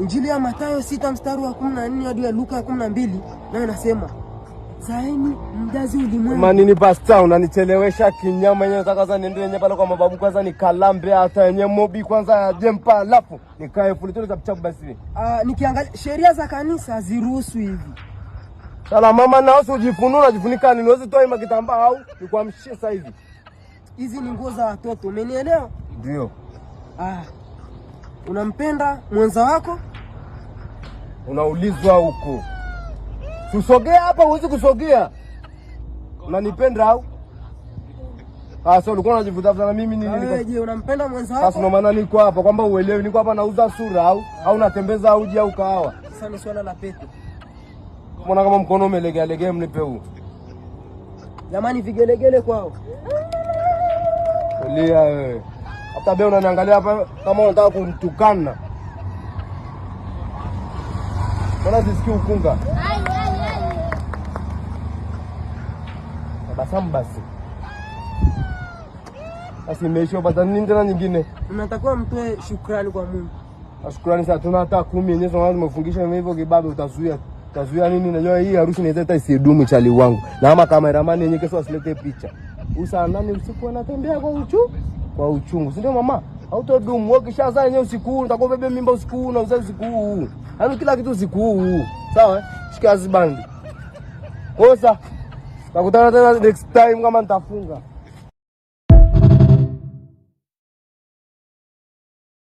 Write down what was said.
Injili ya Mathayo sita mstari wa kumi na nne hadi ya Luka ya kumi na mbili nayo nasema zaeni mjazi ulimwengu. Mani ni pasta, unanichelewesha kinyama yenyewe. Nataka niende yenyewe pale kwa mababu kwanza nikalambe hata yenye mobi kwanza jempa, alafu nikae fulitoni za mchabu basi. Ah, nikiangalia sheria za kanisa ziruhusu hivi. Sala mama na usi ujifunua unajifunika ni niweze toa kitambaa au nikwamshie sasa hivi. Hizi ni nguo za watoto, umenielewa? Ndio. Ah unampenda mwenza wako, unaulizwa huko, usogea hapa, huwezi kusogea. Unanipenda au? Ah, Sasa ulikuwa unajivutafuta na mimi nini? Wewe je, unampenda mwenza wako? Sasa ndo maana niko hapa kwamba uelewi, niko hapa nauza sura au au natembeza uji au kahawa. Sasa ni swala la pete. Mbona kama mkono umelegea legea, mnipe huu. Jamani, vigelegele kwao. Lia wewe tabia unaniangalia hapa kama unataka kunitukana, mbona sisiki ukunga? Tabasamu basi. Basi imeisha, pata nini tena nyingine? Unatakiwa mtoe shukrani kwa Mungu. Shukrani sana, tuna hata kumi yenyewe sana tumefungisha hivyo kibabe, utazuia utazuia nini? Najua hii harusi inaweza hata isidumu, chali wangu na kama kameramani yenyewe, kesho asilete picha. Usa nani usiku anatembea kwa uchu kwa uchungu, si ndio mama? Hautodumu wewe, kishazaa yenyewe usiku huu, nitakuwa bebe mimba usiku huu na uzae usiku huu, yaani kila kitu usiku huu. Sawa, eh? shika zibandi kosa, takutana tena next time kama nitafunga.